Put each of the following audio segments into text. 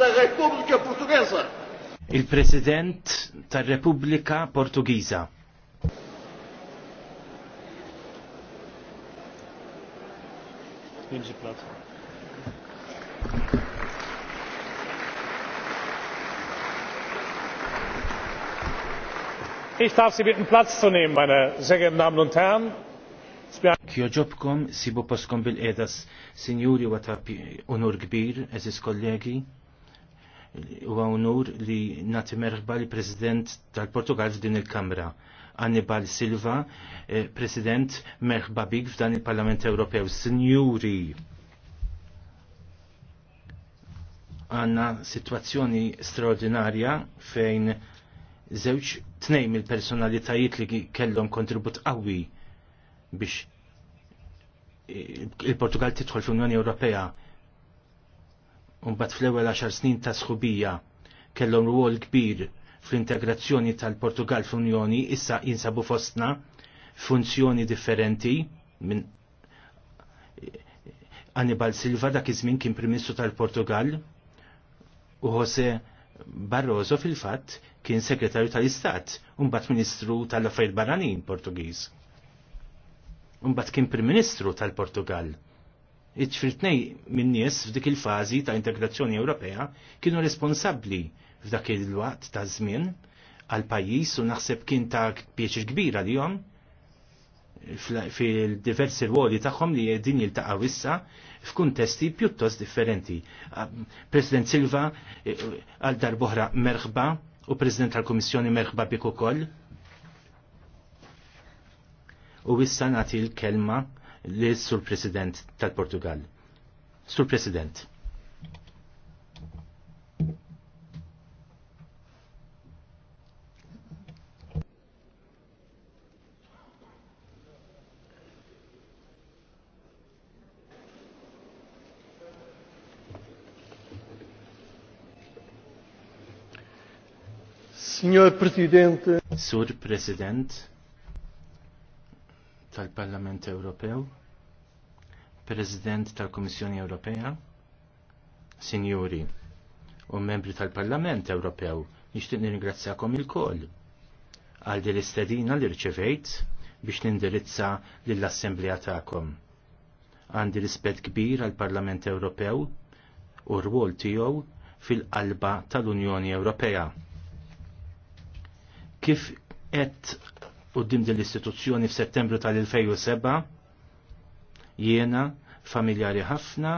tar-Repubblika Portugiża. Il-President tar Repubblica Portugiża. Ich darf Sie bitten, Platz zu nehmen, meine sehr geehrten Damen und Herren. Kjoġobkom sibu poskom bil-edas, sinjuri u ta' unur gbir, eżis kollegi u għawnur li nati merħba li president tal-Portugal f'din il-Kamra. Annibal Silva, eh, president merħba bik f'dan il-Parlament Ewropew. Signuri, għanna situazzjoni straordinarja fejn zewċ tnejn il-personalitajiet li kellhom kontribut qawwi biex eh, il-Portugal tidħol fl-Unjoni Ewropea Unbat fl-ewwel għaxar snin ta' sħubija kellhom rwol kbir fl-integrazzjoni tal-Portugal fl-Unjoni issa jinsabu fostna funzjoni differenti minn Annibal Silva dak iż-żmien kien Primissu tal-Portugal u Jose Barroso fil-fatt kien Segretarju tal-Istat u mbagħad Ministru tal-Affarijiet Barranin Portugiż. Mbagħad kien Prim Ministru tal-Portugal. Iċfirtnej minn nies f'dik il-fażi ta' integrazzjoni Ewropea kienu responsabbli f'dak il-waqt ta' żmien għal pajjiż u naħseb kien ta' pieċir kbira li jom fil-diversi ruoli tagħhom li din jiltaqgħu issa f'kuntesti pjuttost differenti. President Silva e, għal darbohra merħba u President tal-Kummissjoni merħba bik ukoll. U issa nagħti l-kelma li sur President tal-Portugal. Sur President. Signor Presidente. Sur President tal-Parlament Ewropew, President tal-Komissjoni Ewropea, Sinjuri u membri tal-Parlament Ewropew, nixtieq nirringrazzjakom il-koll għal din l-istedina li rċevejt biex nindirizza lill-Assemblea tagħkom. Għandi rispett kbir għall Parlament Ewropew u rwol tiegħu fil-qalba tal-Unjoni Ewropea. Kif qed qudiem din l-istituzzjoni f'Settembru tal-2007 jiena familjari ħafna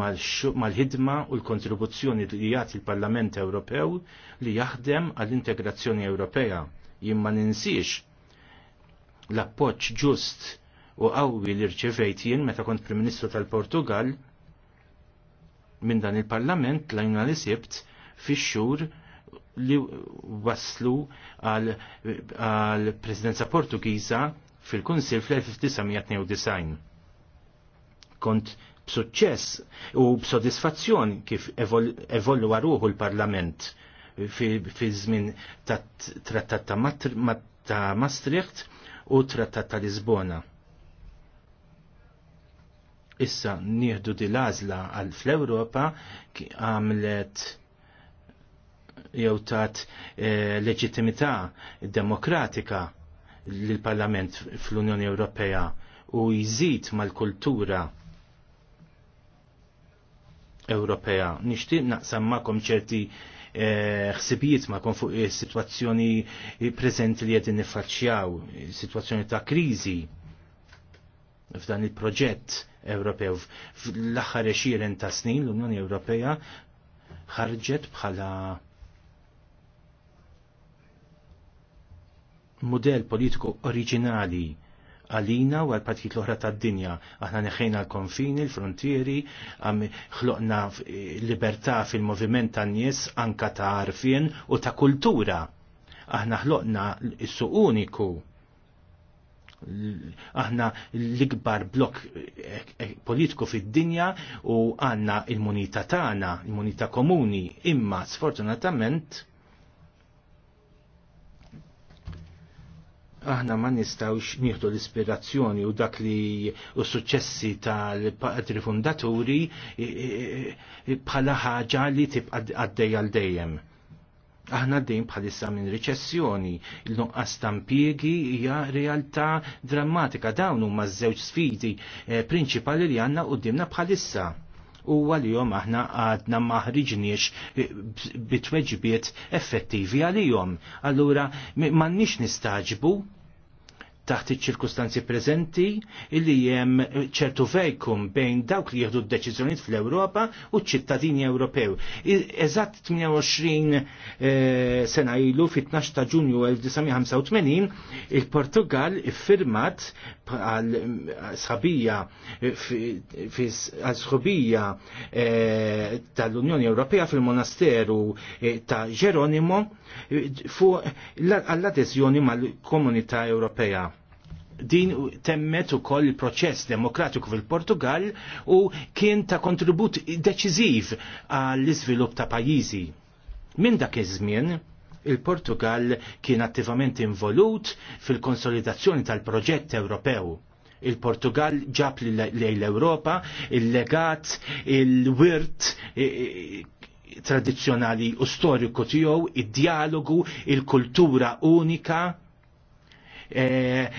mal-ħidma u l-kontribuzzjoni li jagħti l-Parlament Ewropew li jaħdem għall-integrazzjoni Ewropea. Jimma ninsiex l-appoġġ ġust u qawwi li rċevejt jien meta kont Prim Ministru tal-Portugal minn dan il-Parlament lajna li sibt fix-xhur li waslu għal presidenza Portugiża fil-Kunsil fl-1992. Kont b'suċċess u b'sodisfazzjon kif evollu ruħu l-Parlament fi żmien tat-trattat ta' Maastricht u trattat ta' Lisbona. Issa nieħdu di għażla għal fl-Ewropa għamlet jew tat eh, leġittimità demokratika lill-Parlament fl-Unjoni Ewropea u jżid mal-kultura Ewropea. Nixtieq naqsam magħkom ċerti eh, ħsibijiet ma kon fuq sitwazzjoni preżenti li qegħdin niffaċċjaw, sitwazzjoni ta' kriżi f'dan il-proġett Ewropew. L-aħħar ta' snin l-Unjoni Ewropea ħarġet bħala model politiku oriġinali għalina u għal partit l-oħra tad dinja. Aħna neħejna l-konfini, l-frontieri, għam ħloqna libertà fil-moviment ta' nies anka ta' arfien u ta' kultura. Aħna ħloqna is suq uniku. Aħna l-ikbar blok eh, eh, politiku fid-dinja u għanna il-munita tagħna, il-munita komuni, imma sfortunatament aħna ma nistawx nieħdu l-ispirazzjoni u dak li u suċessi tal-patri fundaturi bħala ħaġa li tibqa' għaddej għal dejjem. Aħna dejjem bħalissa minn riċessjoni, il-nuqqas tampiegi hija realtà drammatika dawn huma ż-żewġ sfidi eh, prinċipali li għandna qudiemna bħalissa u għal-jom aħna għadna maħriġniex bitweġbiet effettivi għal-jom. Allura, nix nistaġbu taħt iċ-ċirkustanzi preżenti illi hemm ċertu vejkum bejn dawk li jieħdu d-deċiżjonijiet fl-Ewropa u ċ-ċittadini Ewropew. Eżatt 28 eh, sena ilu fit-12 ta' Ġunju 1985 il-Portugal iffirmat għal sħabija eh, sħabija eh, tal-Unjoni Ewropea fil-Monasteru ta' Geronimo fuq l-adeżjoni mal-Komunità Ewropea din temmet ukoll il-proċess demokratiku fil-Portugal u kien ta' kontribut deċiżiv għall-iżvilupp ta' pajjiżi. Minn dak iż-żmien, il-Portugal kien attivament involut fil-konsolidazzjoni tal-proġett Ewropew il-Portugal ġab lej l-Europa il-legat il-wirt tradizzjonali u storiku tiegħu, id-dialogu, il-kultura unika Eh,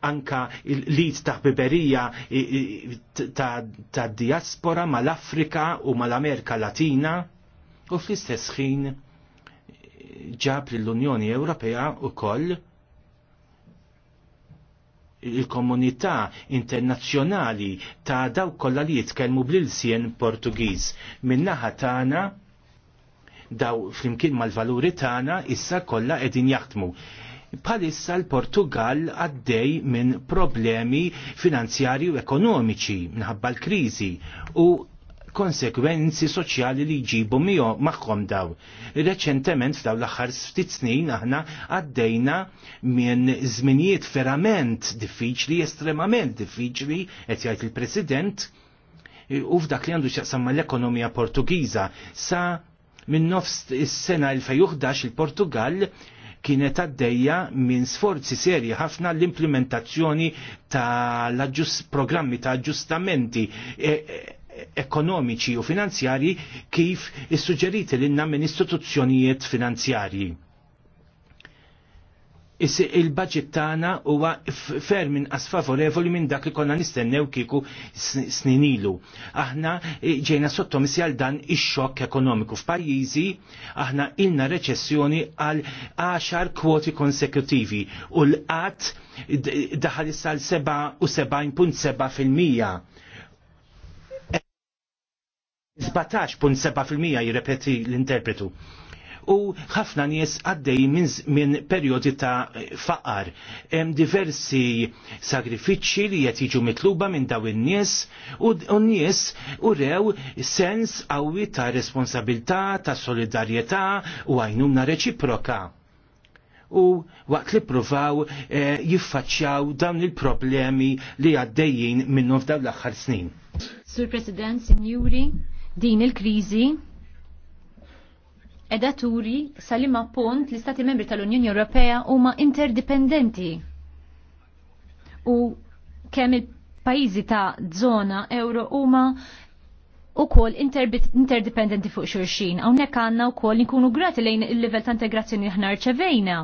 anka il-lid ta' biberija ta' diaspora mal-Afrika u mal-Amerika Latina u fl-istess ħin ġab l-Unjoni Ewropea u koll il-komunità internazzjonali ta' daw kollha li jitkellmu bl-ilsien Portugiż. Min-naħa tagħna daw flimkien mal-valuri tagħna issa kollha qegħdin jaħdmu. Bħalissa l-Portugal għaddej minn problemi finanzjari u ekonomiċi minħabba l-krizi u konsekwenzi soċjali li jġibu miegħu magħhom daw. Reċentement f'daw l-aħħar ftit snin aħna għaddejna minn żminijiet verament diffiċli, estremament diffiċli, qed jgħid il-President, u f'dak li għandu xaqsamma l ekonomija Portugiża sa minn nofs is-sena 2011 il-Portugal il portugal kienet għaddejja minn sforzi serji ħafna l-implementazzjoni tal-programmi ta' aġġustamenti e, e, ekonomiċi u finanzjarji kif issuġġeriti l-inna minn istituzzjonijiet finanzjarji il-budget tagħna huwa ferm inqas favorevoli minn dak li konna nistennew kieku snin ilu. Aħna eh, ġejna sottomissja għal dan ix-xokk ekonomiku f'pajjiżi, aħna ilna reċessjoni għal 10 kwoti konsekutivi u l-qatt daħal issa l 77.7 17.7% jirrepeti l-interpretu u ħafna nies għaddej minn min perjodi ta' faqar. Hemm diversi sagrifiċċji li qed jiġu mitluba minn daw in-nies u n-nies u rew sens qawwi ta' responsabilità, ta' solidarjetà u għajnuna reċiproka u waqt li provaw e, jiffaċċjaw dawn il-problemi li għaddejjin minnu f'dawn l-aħħar snin. Sur President, Sinjuri, din il-kriżi edaturi turi salima punt li stati membri tal-Unjoni Ewropea huma interdipendenti u kemm il-pajjiżi ta' zona euro huma u kol interdipendenti fuq xurxin. Hawnhekk għandna wkoll nkunu grati lejn il-livell ta' integrazzjoni aħna rċevejna.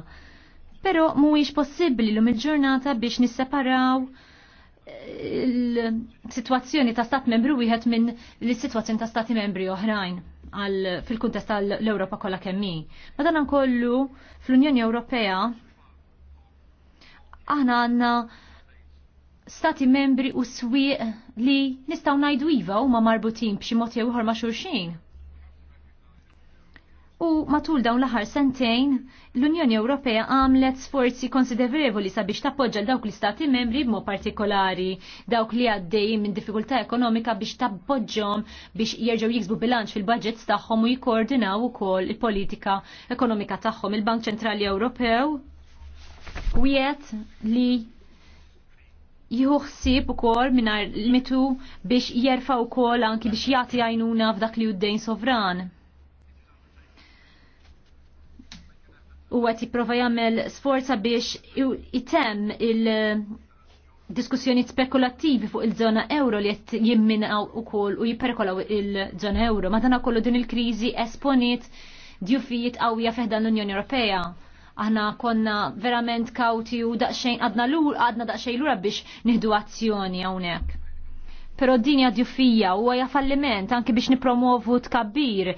Però mhuwiex possibbli l il-ġurnata biex nisseparaw eh, il-sitwazzjoni ta' stat membru wieħed minn l-sitwazzjoni ta' stati membri oħrajn fil-kuntest tal-Ewropa kollha kemmi. Madan kollu fl-Unjoni Ewropea aħna għandna stati membri u swi li nistgħu ngħidu iva huma marbutin b'xi mod jew ieħor ma' xulxin. U matul dawn l-aħħar sentejn, l-Unjoni Ewropea għamlet sforzi konsiderevoli sabiex tappoġġa dawk l-istati membri b'mod partikolari, dawk li għaddej minn diffikultà ekonomika biex tappoġġhom biex jerġgħu jiksbu bilanċ fil-budgets tagħhom u jikkoordinaw ukoll il-politika ekonomika tagħhom. Il-Bank Ċentrali Ewropew wiet li jieħu ħsieb ukoll mingħajr mitu biex jerfa' ukoll anki biex jagħti għajnuna f'dak li d sovran u għat jiprofa jagħmel sforza biex jitem il- eh, diskussjoni spekulattivi fuq il-żona euro li jett jimminaw u kol u jiperkolaw il-żona euro. dana kollu din il-krizi esponit djufijiet qawwija feħdan l-Unjoni Ewropea. Aħna konna verament kawti u daqxejn għadna l-għadna daqxejn l-ura biex nihdu azzjoni għawnek. Pero din hija fija u għaja falliment anki biex nipromovu tkabbir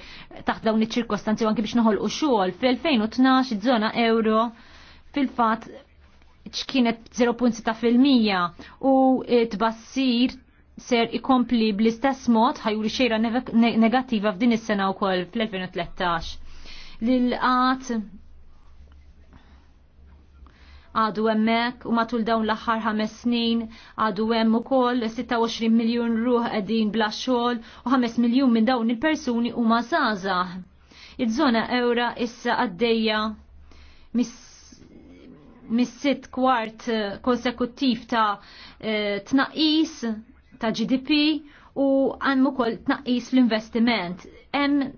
taħt dawn iċ-ċirkostanzi u anki biex noħolqu xogħol. Fil-2012 iż-żona euro fil-fatt ċkienet 0.6% u tbassir ser ikompli bl-istess mod ħajuri xejra negattiva f'din is-sena wkoll fl-2013. Lil qatt għadu hemmhekk u matul dawn l-aħħar ħames snin għadu hemm ukoll 26 miljun ruħ qegħdin bla xogħol u 5 miljun minn dawn il-persuni huma żgħażagħ. Iż-żona ewra issa għaddejja mis-sitt kwart konsekuttiv ta' e, tnaqis ta' GDP u għanmu kol tnaqis l-investiment. Hemm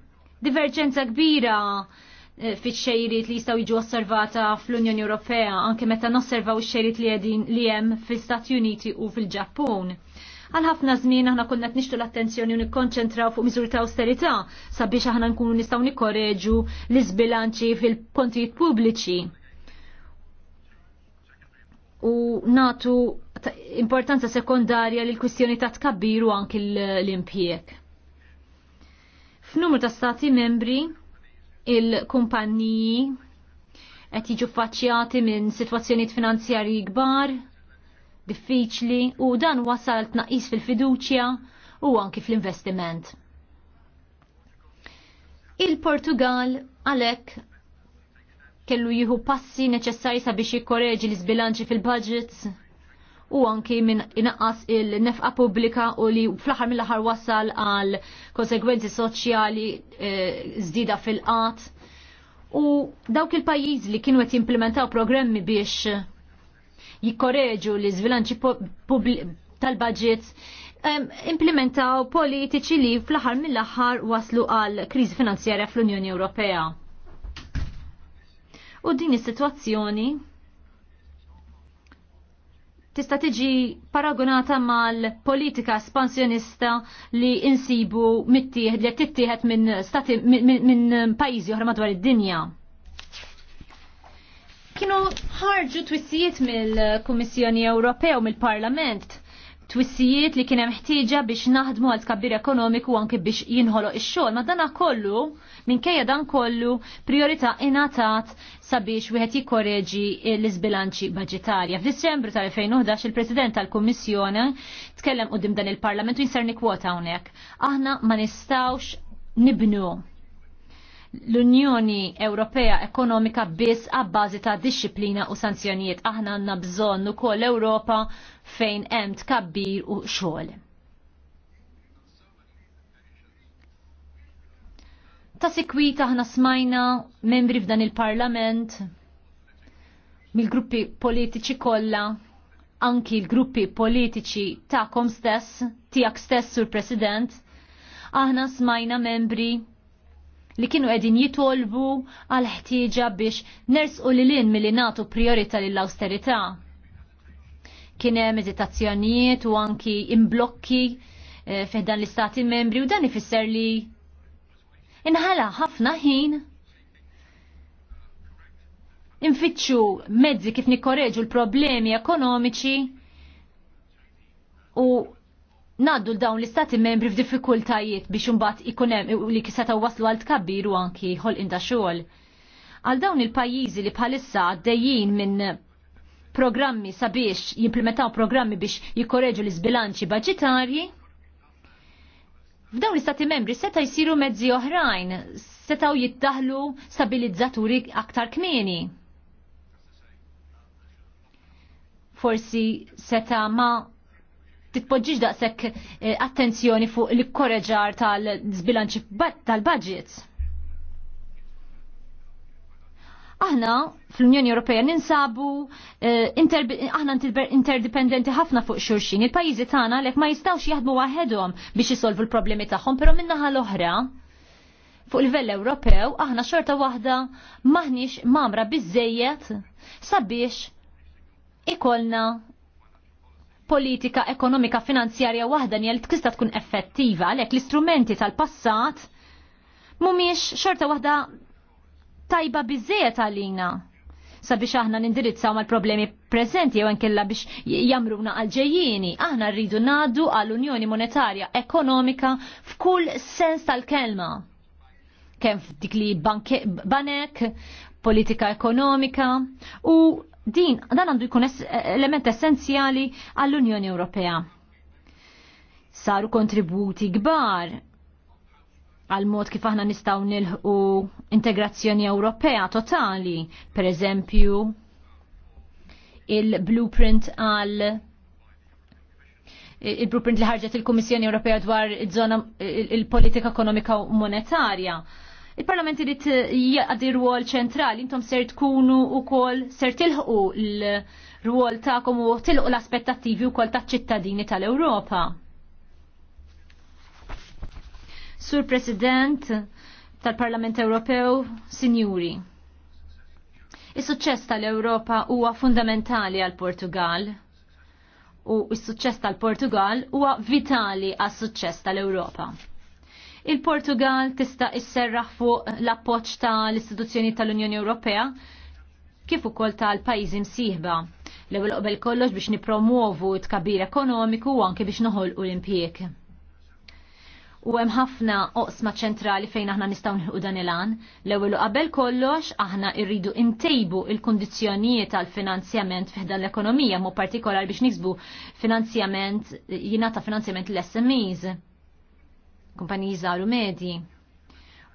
diverġenza kbira Eh, fit xejrit li jistgħu jiġu osservata fl-Unjoni Ewropea anke meta nosservaw ix-xejrit li għedin li hemm fl-Istati Uniti u fil-Ġappun għal ħafna żmien aħna konna nixtu l-attenzjoni u nikkonċentraw fuq miżuri ta' austerità sabiex aħna nkunu nistgħu nikkoreġu l-iżbilanċi fil-kontijiet pubbliċi. U natu importanza sekondarja l kwistjoni ta' tkabbiru anki l-impjek. F'numru ta' stati membri il-kumpanniji qed jiġu faċċjati minn sitwazzjonijiet finanzjarji kbar, diffiċli u dan wasal tnaqqis fil-fiduċja u anki fl-investiment. Il-Portugal għalhekk kellu jieħu passi neċessarji sabiex jikkoreġi l-isbilanċi fil-budgets u anki minn inaqqas il-nefqa pubblika u li fl-aħħar mill-aħħar wassal għal konsekwenzi soċjali eh, żdida fil-qat. U dawk il-pajjiż li kienu qed jimplementaw programmi biex jikkoreġu li zvilanċi tal-budget implementaw politiċi li fl-aħħar mill-aħħar waslu għal kriżi finanzjarja fl-Unjoni Ewropea. U din is-sitwazzjoni tista' tiġi paragonata mal-politika espansjonista li insibu mittieħed li tittieħed minn stati minn pajjiżi oħra madwar id-dinja. Kienu ħarġu twissijiet mill-Kummissjoni Ewropew mill-Parlament twissijiet li kienem ħtieġa biex naħdmu għal tkabbir ekonomiku anke biex jinħoloq ix-xogħol. Ma dana kollu, minkejja dan kollu, priorità ingħatat sabiex wieħed jikkoreġi l-iżbilanċi budġetarja. F'Disembru tal-2011 il-President tal-Kummissjoni tkellem qudiem dan il-Parlament u jinser nikwota hawnhekk. Aħna ma nistgħux nibnu l-Unjoni Ewropea Ekonomika biss għabbażi ta' disċiplina u sanzjonijiet. Aħna għandna bżonn ukoll Ewropa fejn hemm tkabbir u xogħol. Ta' sikwita aħna smajna membri f'dan il-Parlament mill-gruppi politiċi kollha anki l-gruppi politiċi ta'kom stess, tiegħek stess sur President, aħna smajna membri li kienu qegħdin jitolbu għal ħtieġa biex nersqu li lin milli nagħtu priorità lill-awsterità. Kien hemm eżitazzjonijiet u anki imblokki eh, fiħdan l-istati membri u dan ifisser li inħala ħafna ħin infittxu mezzi kif nikkoreġu l-problemi ekonomiċi u naddu l-dawn l-istati membri f'diffikultajiet biex imbagħad ikun hemm li kisetaw waslu għal tkabbiru anki ħolqien ta' xogħol. Għal dawn il-pajjiżi li bħalissa għaddejjin minn programmi sabiex jimplementaw programmi biex jikkoreġu l-izbilanċi budġetarji, f'dawn l-istati membri seta' jsiru mezzi oħrajn, setaw jittaħlu stabilizzaturi aktar kmieni. Forsi seta' ma' titpoġġiġ daqshekk eh, attenzjoni fuq l-korreġar tal-zbilanċi tal-budgets. Aħna fl-Unjoni Ewropea ninsabu eh, aħna interdipendenti ħafna fuq xulxin. Il-pajjiżi tagħna lek ma jistgħux jaħdmu waħedhom biex isolvu l-problemi tagħhom, però min-naħa l-oħra fuq livell Ewropew aħna xorta waħda maħniex mamra biżejjed sabiex ikolna politika ekonomika finanzjarja waħda li tkista tkun effettiva għalhekk l-istrumenti tal-passat mhumiex xorta waħda tajba biżejjed għalina sabiex aħna nindirizzaw mal-problemi preżenti jew nkella biex jamruna għalġejjini. ġejjini Aħna rridu naddu għall-Unjoni Monetarja Ekonomika f'kull sens tal-kelma. Kemm dik li banek, politika ekonomika u Din, dan għandu jkun element essenzjali għall-Unjoni Ewropea. Saru kontributi kbar għal mod kif aħna nistgħu nilħu integrazzjoni Ewropea totali, per eżempju il-blueprint għal il-blueprint li ħarġet il-Kummissjoni Ewropea dwar il-politika il ekonomika u monetarja Il-Parlament irid eh, jgħaddi rwol ċentrali, intom ser tkunu u kol ser tilħu l-rwol ta'kom u tilħu l-aspettativi u kol ta' ċittadini tal-Europa. Sur President tal-Parlament Ewropew, Sinjuri. Is-suċċess tal-Ewropa huwa fundamentali għal Portugal u s-suċċess tal-Portugal huwa vitali għas-suċċess tal-Ewropa il-Portugal tista' isserraħ fuq l-appoġġ tal-istituzzjoni tal-Unjoni Ewropea kif ukoll tal-pajjiżi msieħba l-ewwel qabel kollox biex nipromuovu tkabbir ekonomiku u anke biex noħolqu l-impjieg. U hemm ħafna oqsma ċentrali fejn aħna nistgħu nħu dan il-għan. L-ewwel qabel kollox aħna rridu intejbu il-kundizzjonijiet tal-finanzjament fih dan l-ekonomija, m'hu partikolar biex niksbu finanzjament jingħata finanzjament l-SMEs kumpaniji żgħar u medji.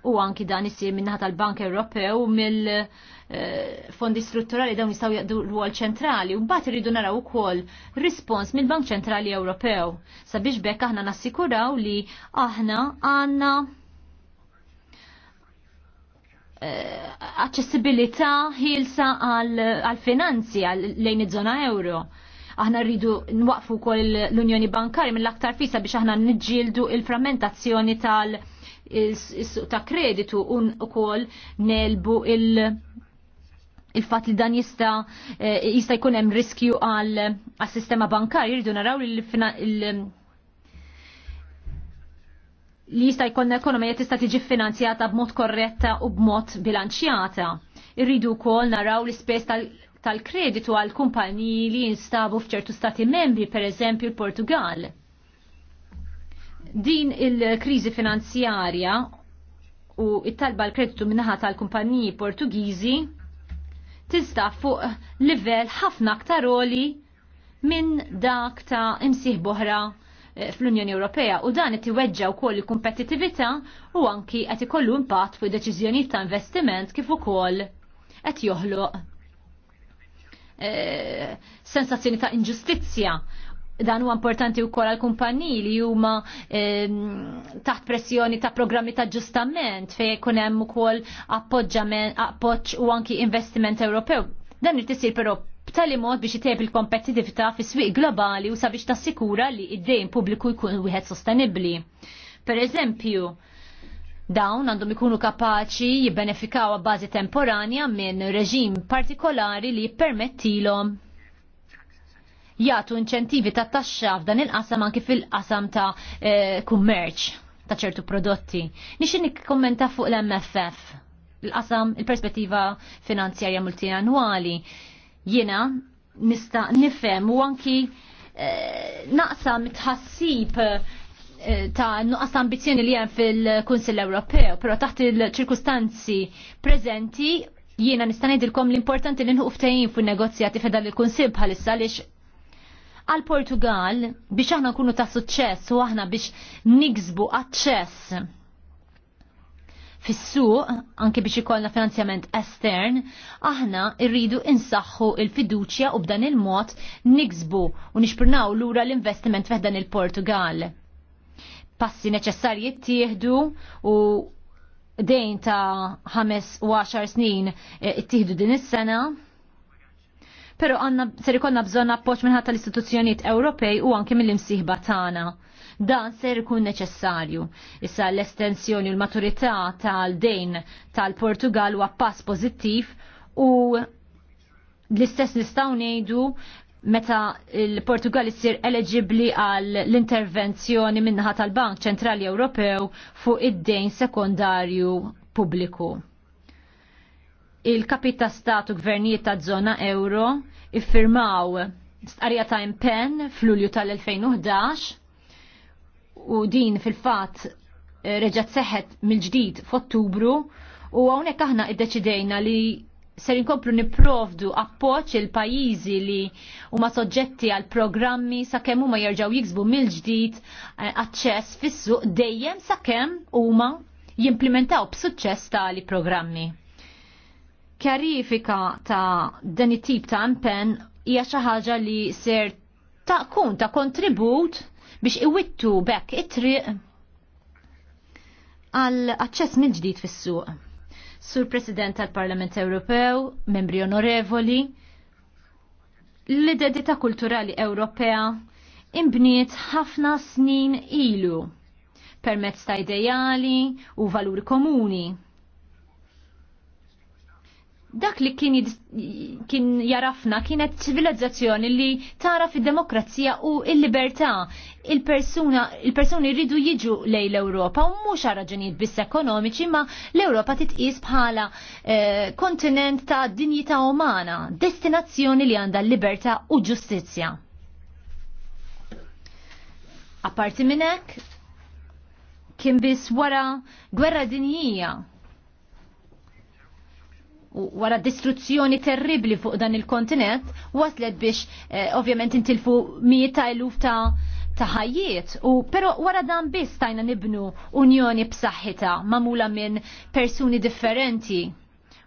U anki dan isir minnaħat tal-Bank Ewropew mill-fondi eh, strutturali dawn jistgħu jaqdu rwol ċentrali u mbagħad iridu naraw ukoll rispons mill-Bank Ċentrali Ewropew sabiex bekk aħna nassikuraw li aħna għandna eh, aċċessibilità ħilsa għal-finanzi lejn iż-żona euro. Aħna rridu nwaqfu kol l-Unjoni Bankari mill-aktar fisa biex aħna nġildu il-frammentazzjoni tal- ta' kreditu un u kol nelbu il- il-fat li dan jista eh, jista jkun hemm riskju għal sistema bankari, jridu naraw li li jista jkun ekonomija tista' tiġi finanzjata b'mod korretta u b'mod bilanċjata. Irridu wkoll naraw l-ispess tal tal-kreditu għal kumpaniji li jinstabu fċertu stati membri, per eżempju l portugal Din il-krizi finanzjarja u it-talba l-kreditu minnaħat tal-kumpaniji Portugiżi tista' fuq livell ħafna aktar oli minn dak ta' imsih boħra eh, fl-Unjoni Ewropea u dan qed iweġġa wkoll il-kompetittività u anki qed ikollu impatt fuq deċiżjonijiet ta' investiment kif ukoll qed joħloq Eh, sensazzjoni ta' inġustizzja dan huwa importanti wkoll għal kumpaniji li huma ehm, taħt pressjoni ta' programmi ta' ġustament fejn jkun hemm ukoll appoġġament appoġġ u anki investiment Ewropew. Dan irid isir però b'tali mod biex itejb il-kompetitività fi swieq globali u sabiex tassikura li id-dejn pubbliku jkun wieħed sostenibbli. Per eżempju, Dawn għandhom ikunu kapaċi jibbenefikaw bażi temporanja minn reġim partikolari li jippermettilhom jagħtu inċentivi ta' taxxa f'dan il-qasam anki fil-qasam ta' eh, kummerċ ta' ċertu prodotti. Nixin kommenta fuq l-MFF, l-qasam il-perspettiva finanzjarja multianwali. Jiena nista' nifhem u anki eh, naqsam tħassib ta' nuqqas ambizjoni li hemm fil-Kunsill Ewropew, però taħt il-ċirkustanzi preżenti jiena nista' ngħidilkom l-importanti li nħuq ftehim fin-negozjati fedal il-Kunsill bħalissa għaliex għal Portugal biex aħna nkunu ta' suċċess u aħna biex niksbu aċċess fis-suq anke biex ikollna finanzjament estern, aħna rridu insaħħu il-fiduċja u b'dan il-mod niksbu u nixpurnaw lura l-investiment f'dan il-Portugal passi neċessarji jittieħdu u dejn ta' ħames u 10 snin jittieħdu eh, din is-sena. Pero għanna ser ikonna bżon appoġġ minnħat tal-istituzzjonijiet Ewropej u anke mill-imsieħba tagħna. Dan ser ikun neċessarju. Issa l-estensjoni u l-maturità tal-dejn tal-Portugal huwa pass pożittiv u l-istess nistgħu ngħidu meta il-Portugal issir eligibli għal l-intervenzjoni minnaħa tal-Bank Ċentrali Ewropew fuq id-dejn sekondarju pubbliku. Il-kapit ta' statu gvernijiet ta' zona euro iffirmaw stqarja ta' impen fl-Ulju tal-2011 u din fil-fat eh, reġat seħet mill-ġdid f'Ottubru u għonek aħna id-deċidejna li ser inkomplu niprovdu appoċ il-pajizi li huma soġġetti għal programmi sakemm huma jerġgħu jiksbu mill-ġdid eh, aċċess fis-suq dejjem sakemm huma jimplementaw b'suċċess tali programmi. Kjarifika ta' dan it-tip ta' impenn hija xi ħaġa li ser ta' kun ta' kontribut biex iwittu bekk it-triq għal aċċess mill-ġdid fis-suq. Sur President tal-Parlament Ewropew, membri onorevoli, l-identità kulturali Ewropea imbniet ħafna snin ilu permezz ta' ideali u valuri komuni dak li kien, kien jarafna kienet ċivilizzazzjoni li tara fid-demokrazija u il-libertà. Il-persuna, il-persuni rridu jiġu lej l-Europa u mhux raġunijiet biss ekonomiċi ma l-Europa titqis bħala eh, kontinent ta' dinjità umana, destinazzjoni li għandha libertà u ġustizzja. Apparti minn hekk kien biss wara gwerra dinjija wara distruzzjoni terribli fuq dan il-kontinent waslet biex eh, ovvjament intilfu mijiet ta' eluf ta' ta' ħajjiet u pero wara dan biss tajna nibnu unjoni b'saħħita mamula minn persuni differenti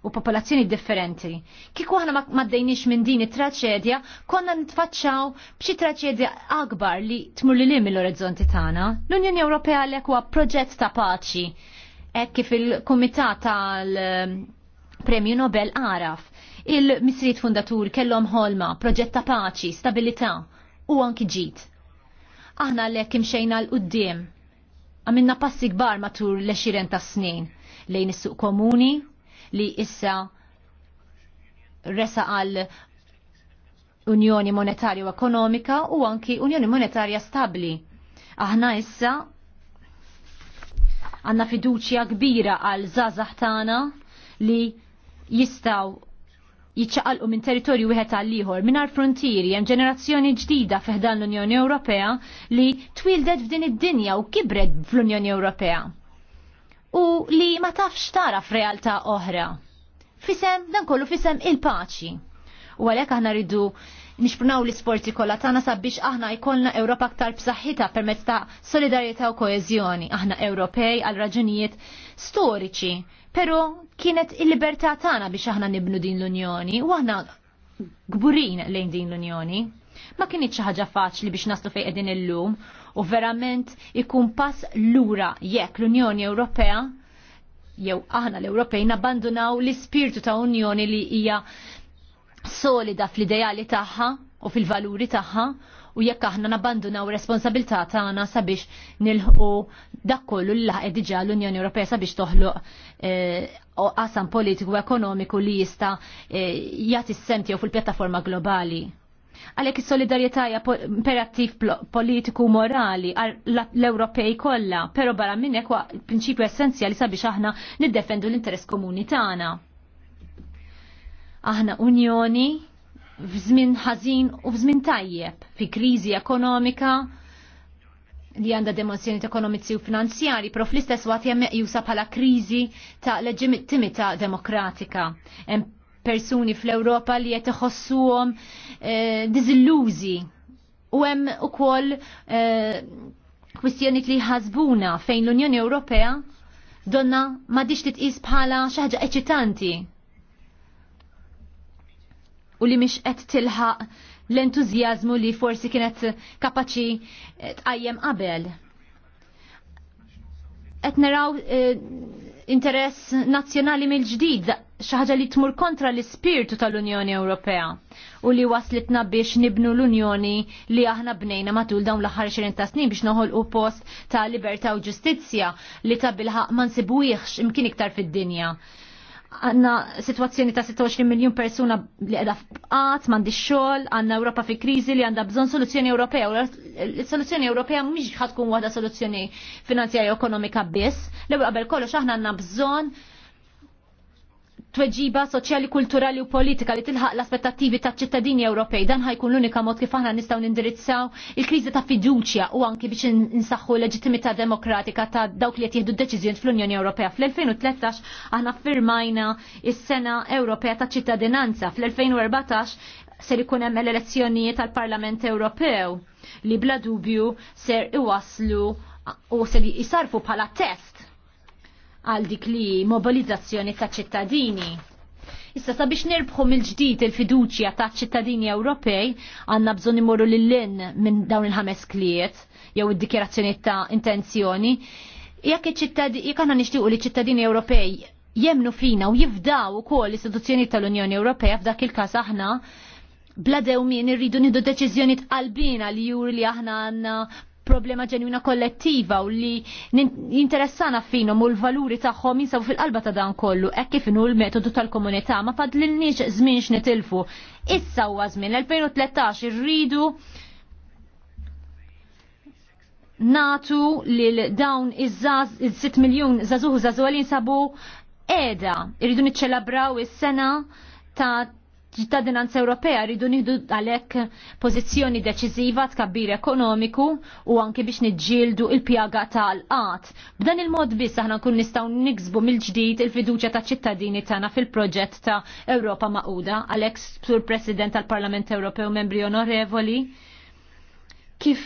u popolazzjoni differenti. Kiku aħna ma ddejniex minn din it-traċedja, konna nitfaċċaw b'xi traċedja akbar li tmur li mill-orizzonti tagħna. L-Unjoni Ewropea għalhekk huwa proġett ta' paċi. Hekk kif il-Kumitat tal premju Nobel araf, Il-misrit fundatur kellhom ħolma, proġett ta' paċi, stabilità u anki ġid. Aħna lek imxejna l-qoddim. Għamilna passi kbar matur l-20 snin lejn is-suq komuni li issa resa għal Unjoni Monetarja u Ekonomika u anki Unjoni Monetarja Stabli. Aħna issa għanna fiduċja kbira għal zazax tagħna li jistaw jitxaqalqu minn territorju wieħed għal ieħor mingħajr frontieri hemm ġenerazzjoni ġdida f'ħdan l-Unjoni Ewropea li twildet f'din id-dinja u kibret fl-Unjoni Ewropea. U li ma tafx tara f'realtà oħra. Fisem dan kollu fisem il-paċi. U għalhekk aħna rridu nixprunaw l-isporti kollha tagħna sabiex aħna jkollna Ewropa aktar b'saħħitha permezz ta' solidarjetà u koeżjoni. Aħna Ewropej għal raġunijiet storiċi, però kienet il-libertà tagħna biex aħna nibnu din l-Unjoni u aħna gburin lejn din l-Unjoni. Ma kienit xi ħaġa faċli biex naslu fejn qegħdin illum u verament ikun pass lura jekk l-Unjoni Ewropea jew aħna l-Ewropej nabbandunaw l-ispirtu ta' Unjoni li hija solida fl-ideali tagħha u fil-valuri tagħha u jekk aħna nabbandunaw responsabilità tagħna sabiex nilħu dak kollu l laqgħet diġà l-Unjoni Ewropea sabiex toħloq eh, qasam politiku ekonomiku li jista' eh, jagħti s senti fil-pjattaforma globali. Għalhekk is-solidarjetà hija imperattiv politiku morali l-Ewropej kollha, però barra minn hekk prinċipju essenzjali sabiex aħna niddefendu l-interess komuni tagħna. Aħna unjoni f'żmien ħażin u f'żmien tajjeb fi kriżi ekonomika li għanda dimensjoni ekonomiċi u finanzjari, prof l istess waqt hemm meqjusa bħala kriżi ta' leġimittimità demokratika. Hemm persuni fl-Ewropa li qed iħossuhom eh, diżilluzi u hemm ukoll eh, kwistjoni li ħasbuna fejn l-Unjoni Ewropea donna m'a m'għadix titqis bħala xi ħaġa eċitanti u li miex qed tilħaq l-entużjażmu li forsi kienet kapaċi eh, tqajjem qabel. Qed naraw eh, interess nazzjonali mill-ġdid xi ħaġa li tmur kontra l-ispirtu tal-Unjoni Ewropea u li waslitna biex nibnu l-Unjoni li aħna bnejna matul dawn l-aħħar 20 ta' snin biex noħolqu post ta' libertà u ġustizzja li ta' bilħaq ma nsibwiex imkien iktar fid-dinja għanna situazzjoni ta' 26 miljon persuna li għedha f'qat, mandi xogħol, għanna Ewropa fi kriżi li għandha bżonn soluzzjoni Ewropea. Il-soluzzjoni Ewropea mhix ħadd tkun waħda soluzzjoni finanzjarja ekonomika biss. L-ewwel qabel kollox aħna għandna bżonn tweġiba soċjali, kulturali u politika li tilħaq l-aspettattivi ta' ċittadini Ewropej. Dan ħajkun l-unika mod kif aħna nistgħu nindirizzaw il-kriżi ta' fiduċja u anki biex insaħħu l-leġittimità demokratika ta' dawk li qed jieħdu deċiżjoni fl-Unjoni Ewropea. Fl-2013 aħna firmajna is-Sena Ewropea ta' ċittadinanza. Fl-2014 ser ikun hemm l-elezzjonijiet tal-Parlament Ewropew li bla dubju ser iwaslu u ser jisarfu bħala test għal dik li mobilizzazzjoni ta' ċittadini. Issa sabiex nirbħu mill-ġdid il-fiduċja ta' ċittadini Ewropej għandna bżonn imorru lil-lin minn dawn il-ħames kliet jew id-dikjerazzjoni ta' intenzjoni. Jekk iċ-ċittadini nixtiequ li ċittadini Ewropej jemnu fina u jifdaw ukoll l-istituzzjoni tal-Unjoni Ewropea f'dak il-każ aħna bladew dewmien irridu nidu deċiżjoni tqalbina li juri li aħna għandna problema ġenwina kollettiva u li jinteressana finom u l-valuri tagħhom jinsaw fil-qalba ta' dan kollu, hekk kif inhu l-metodu tal-komunità ma fadlilniex żmienx nitilfu. Issa għazmin, żmien 2013 irridu natu lil dawn iż-żaz il-6 miljun zazuhu zazuhu li nsabu edha, irridu niċċelebraw is-sena ta' ċittadinanza Ewropea rridu nieħdu għalhekk pożizzjoni deċiżiva tkabbir ekonomiku u anke biex niġġieldu il-pjaga tal-qat. B'dan il-mod biss aħna nkun nistgħu niksbu mill-ġdid il-fiduċja ta' ċittadini tagħna fil-proġett ta' Ewropa Maquda għalhekk sur President tal-Parlament Ewropew membri onorevoli kif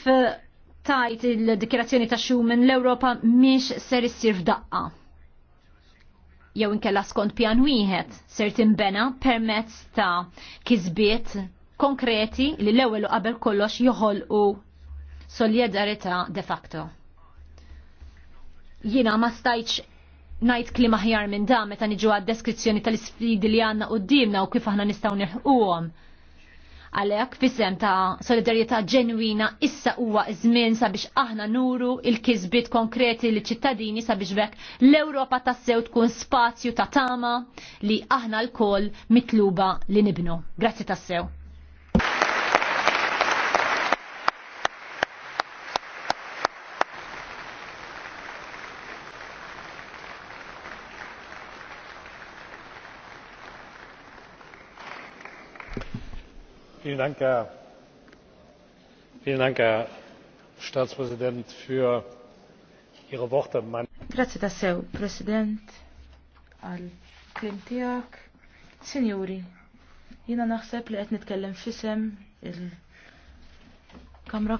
tajt il-dikirazzjoni ta' Schumann l ewropa miex ser issir f'daqqa jew inkella skont pjan wieħed ser timbena permezz ta' kisbiet konkreti li l-ewwel qabel kollox joħolqu solidarità de facto. Jiena ma stajtx ngħid kliem aħjar minn dan meta niġu għad deskrizzjoni tal-isfidi li għandna qudiemna u kif aħna nistgħu nilħquhom. Għalek fisem ta' solidarieta ġenwina issa huwa żmien sabiex aħna nuru il-kizbit konkreti li ċittadini sabiex vek l-Ewropa tas-sew tkun spazju ta' tama li aħna l-kol mitluba li nibnu. Grazzi tassew. Grazie da sew, President, għal klim tijak. Signori, jina naħseb li għet nitkellem fisem il-Kamra